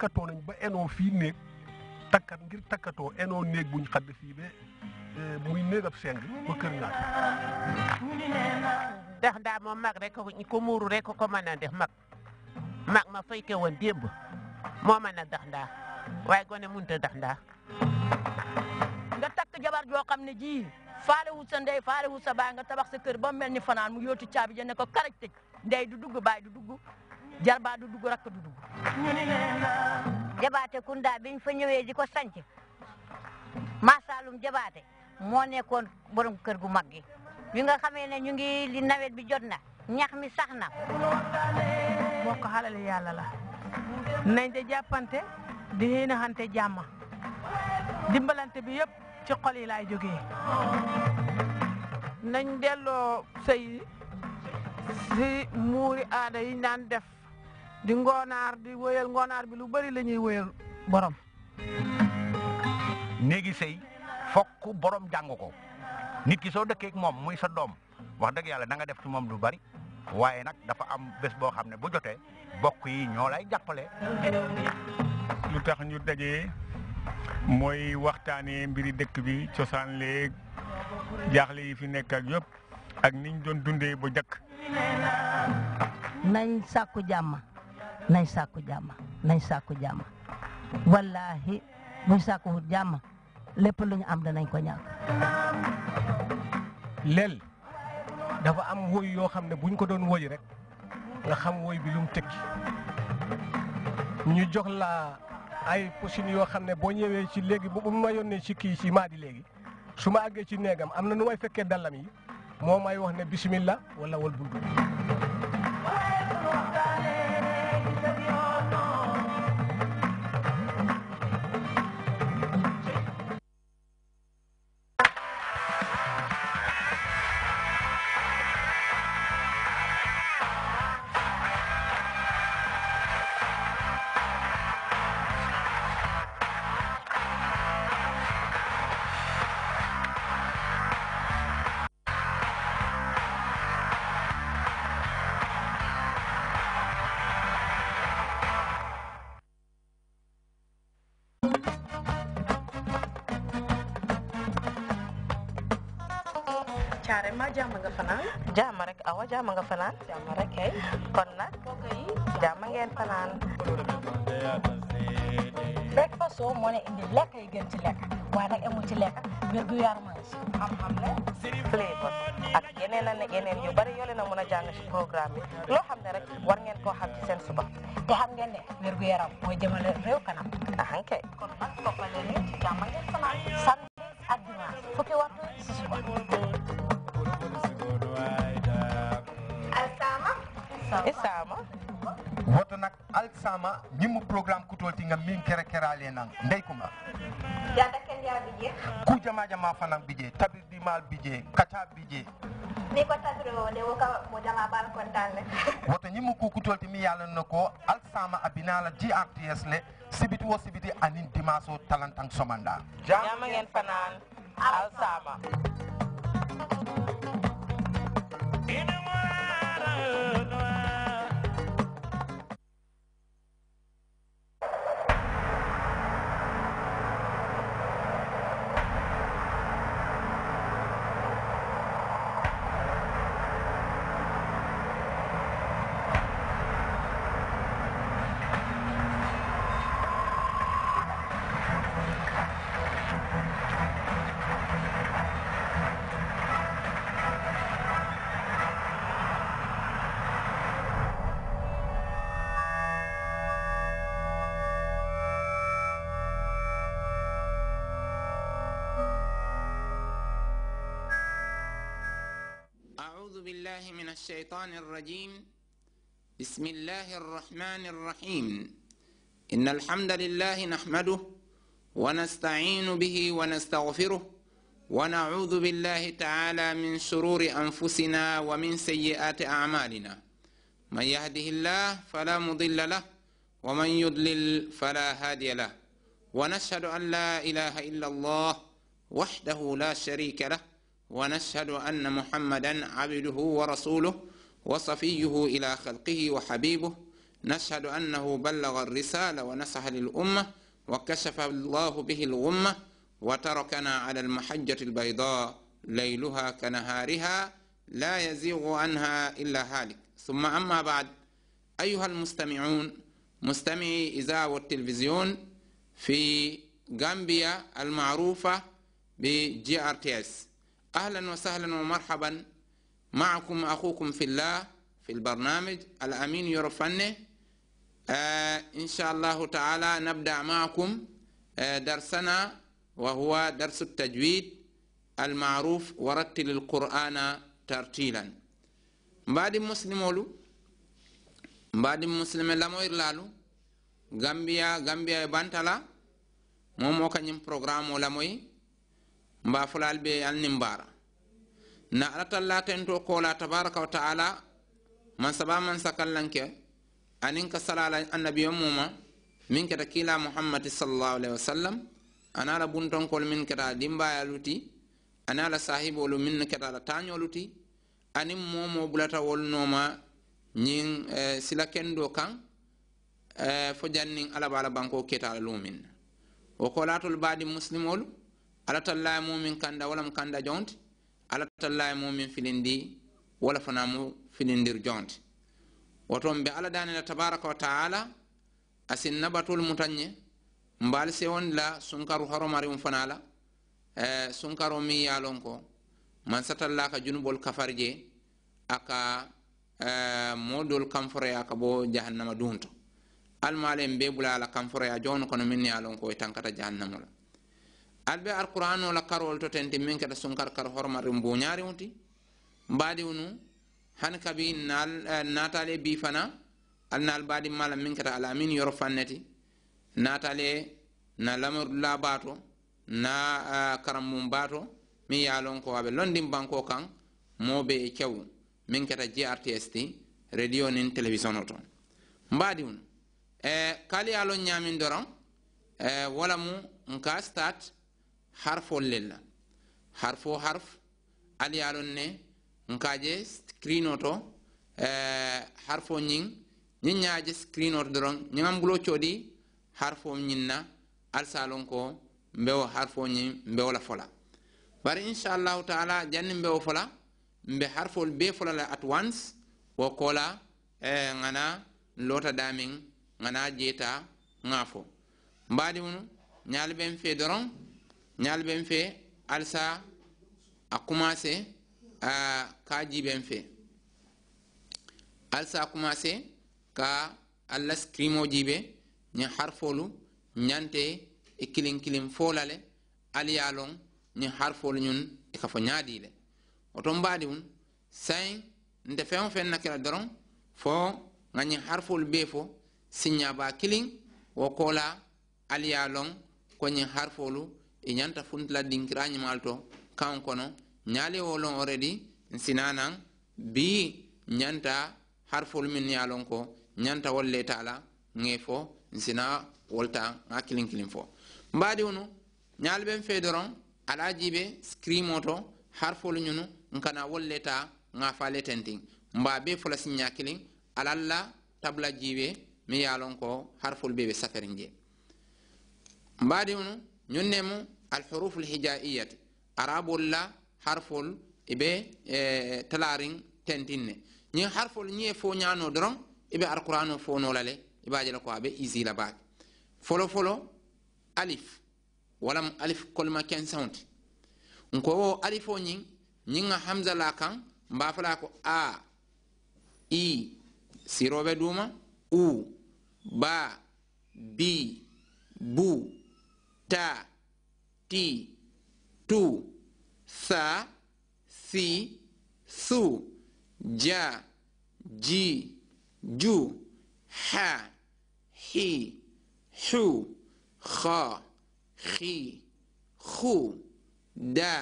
takkatoo nañ ba enoo fii néeg takkat ngir takkatoo enoo néeg buñ xadd fii ba eh, muy néeg seng ba kër ñaar ndaa moom mag rek ko muuru rek ko mën a def mag mag ma fayke woon démb moo mën a ndax ndaa waaye gone mënut a ndax ndaa nga takk jabar joo xam ne jii faale wu sa ndey faale wu sa baay nga tabax sa kër ba mel ni fanaan mu yóotu caabi ja ne ko karaj tëj ndey du baa baay du jarbaa du dugg rakk du dugg jabaate kunda biñ fa ñëwee di ko sanc maasaalum jabaate moo nekkoon borom kër gu mag gi bi nga xamee ne ñu ngi li nawet bi jot na ñax mi sax na bokk xalale yàlla la nañ de jàppante di xiinaxante jàmma dimbalante bi yëpp ci xol joge laay jógee nañ delloo sëy si muuri aada yi naan def di ngoonaar di wéyal ngoonaar bi lu bari la ñuy wéyal borom néegi sey fokk borom jàng ko nit ki soo dëkkeek moom muy sa doom wax dëgg yàlla da def ci moom lu bari waaye nag dafa am bés boo xam ne bu jotee bokk yi ñoo lay jàppale lu tax ñu daje mooy waxtaanee mbiri dëkk bi cosaan léeg jaaxle yi fi nekk ak ak niñ doon dundee bu jëkk nañ sàkku jàmm nañ sàkku jàmm nañ sàkku jàmm wallaahi buñ sàkkuwut jàmm lépp lu ñu am nañ ko ñàkk. lel dafa am woy yoo xam ne buñ ko doon woy rek nga xam woy bi lu mu tekki ñu jox la ay pochine yoo xam ne boo ñëwee ci léegi bu ma yónnee ci kii ci maadi léegi su ma àggee ci néegam am na nu may fekkee dallam yi moo may wax ne bismillah wala wal buntu. ma jam nga fanaan jama rek awa jama nga fanaan jama rek kay kon nag jam ngeen fanaan mereka so moo ne indi lekk yi gën ci lekk waaye nag amul ci lekk wér gu yaram ci xam-xam la flavors ak yeneen ak yeneen yu bari yoo leen a mën a jàng ci programme bi loo xam ne rek war ngeen koo xam ci seen suba te xam ngeen ne wér gu yaram mooy jëmale réew kanam ahan kay kon nag toppale leen ci jàmm ngeen fanaan samedi ak dimanche fukki waxtu ci suba isama woto nak alsama ñimmu programme kutolti ngam min kere kerale nan ndey kuma jada ken ya bije ku jama jama fanan bije tabir di mal bije kacha bije ni ko tabiro ne woka mo jama bal kontan le woto ñimmu ku kutolti mi yalla nako alsama abinala GRTS le sibiti wo sibiti anin dimaso talantang somanda jama ngeen fanan alsama بالله من الشيطان الرجيم بسم الله الرحمن الرحيم إن الحمد لله نحمده ونستعين به ونستغفره ونعوذ بالله تعالى من شرور أنفسنا ومن سيئات أعمالنا من يهده الله فلا مضل له ومن يضلل فلا هادي له ونشهد أن لا إله إلا الله وحده لا شريك له ونشهد أن محمدا عبده ورسوله وصفيه إلى خلقه وحبيبه نشهد أنه بلغ الرسالة ونصح للأمة وكشف الله به الغمة وتركنا على المحجة البيضاء ليلها كنهارها لا يزيغ عنها إلا هالك ثم أما بعد أيها المستمعون مستمعي إذاعة والتلفزيون في غامبيا المعروفة بجي ار تي اس أهلا وسهلا ومرحبا معكم أخوكم في الله في البرنامج الأمين يرفني آه إن شاء الله تعالى نبدأ معكم آه درسنا وهو درس التجويد المعروف ورتل القرآن ترتيلا بعد مسلمولو بعد مسلم لموير لالو غامبيا غامبيا بانتالا مومو كانيم بروغرامو لموي mba fulal be al nimbara na ten to ko la tabaraka wa ta'ala man saba man sakallanke anin ka salala annabi umma min ka takila muhammad sallallahu alaihi wasallam ana la buntonkol min ka dimba yaluti ana la sahibu lu min ka la tañolu ti anin momo bulata wolnoma ñin eh, sila kendo kan eh, fo jannin alabala banko ketala lumin o kolatol badi muslimolu ala talla mumin kanda wala mu kanda jonti ala talla mumin filindi wala fana mu filindir jonti woton be ala danila tabaraka wa taala asin nabatul mutanye mbaal sewon la sunkaru horomarim fana la eh, sunkaro mi yalon ko man satalla ka junubol kafarje je aka eh, modol kamforoya ka bo jahannama dunto almalen be bula ala kamforoya jono kono min yalon ko e tankata jahannamula al be alqur'an la karol to tenti min kata sun kar kar horma hormari mbuñaari wuti mbaadi wunu han kabi nal eh, natale bi fana al nal baadi mala min kata ala min yoro fanneti natale na lamur la bato na eh, karammum baato min ye lon ko aɓe londin banko kan moɓe e kew min kata grts ti radio nin television oto to mbaadi wunu e eh, kali alon lon ñamin e wala mu nka stat harfol lella harfo harf aliyalon ne nkaje scrinoto e, eh, harfo ñin ñiñaje scrinoto doron ñiŋam bulo codi harfo ñinna alsalon ko mbewo harfo ñin mbewola fola bari inchallahu taala janni mbewo fola mbe harfol be fola la at once wo kola e, eh, ŋana lota damin ŋana jeta ŋafo mbadi munu ñal ben fe doron ñaal ben fe alsa a commencé a ka ji ben fe alsa a commencé ka alla skrimo jibe ñi harfolu ñante e kilin kilin folale ali ye lon ñi harfolu ñun e ka fo ñaadi le oton mbaadi un sayin fe on fe na kala doron fo ngani harful be fo sinya ba kilin wo kola ali ko ñiŋ harfolu e ñanta funtila dinkiraañimal to kan kono ñaali wolon o redi sinanan bi ñanta harfol min ya lon ko ñanta wolle taala ŋe fo sina wolta ŋa kiliŋ kiliŋ fo mbaadi wunu ñaali ben fe doron ala jiibe skrimo to harfol ñunu nkana wolle ta ŋa faale tentiŋ mbaa be fola siña kiliŋ alalla tabla jiibe mi ye lon ko harfol be be saferiŋ je mbaadi wunu ñun ne mu alhurufu lhijaiyati arabol la harfol ibe e, talarin tentin ne ñin harfol ñie foñano doron ibe arqurano fonolale ibajela ko aɓe isila baake folo folo alif walam alif kolma ken sawti nkowo alifo ñin ñinga hamsa la kan mbafala ko a i siroɓe duma u ba bi bu ta ti tu sa si su ja ji ju ha hi hu kha khi khu da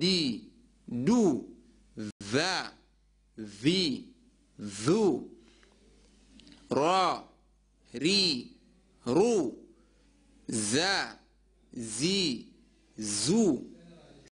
đi du za vi, zu ra ri ru Zá, zi, zu.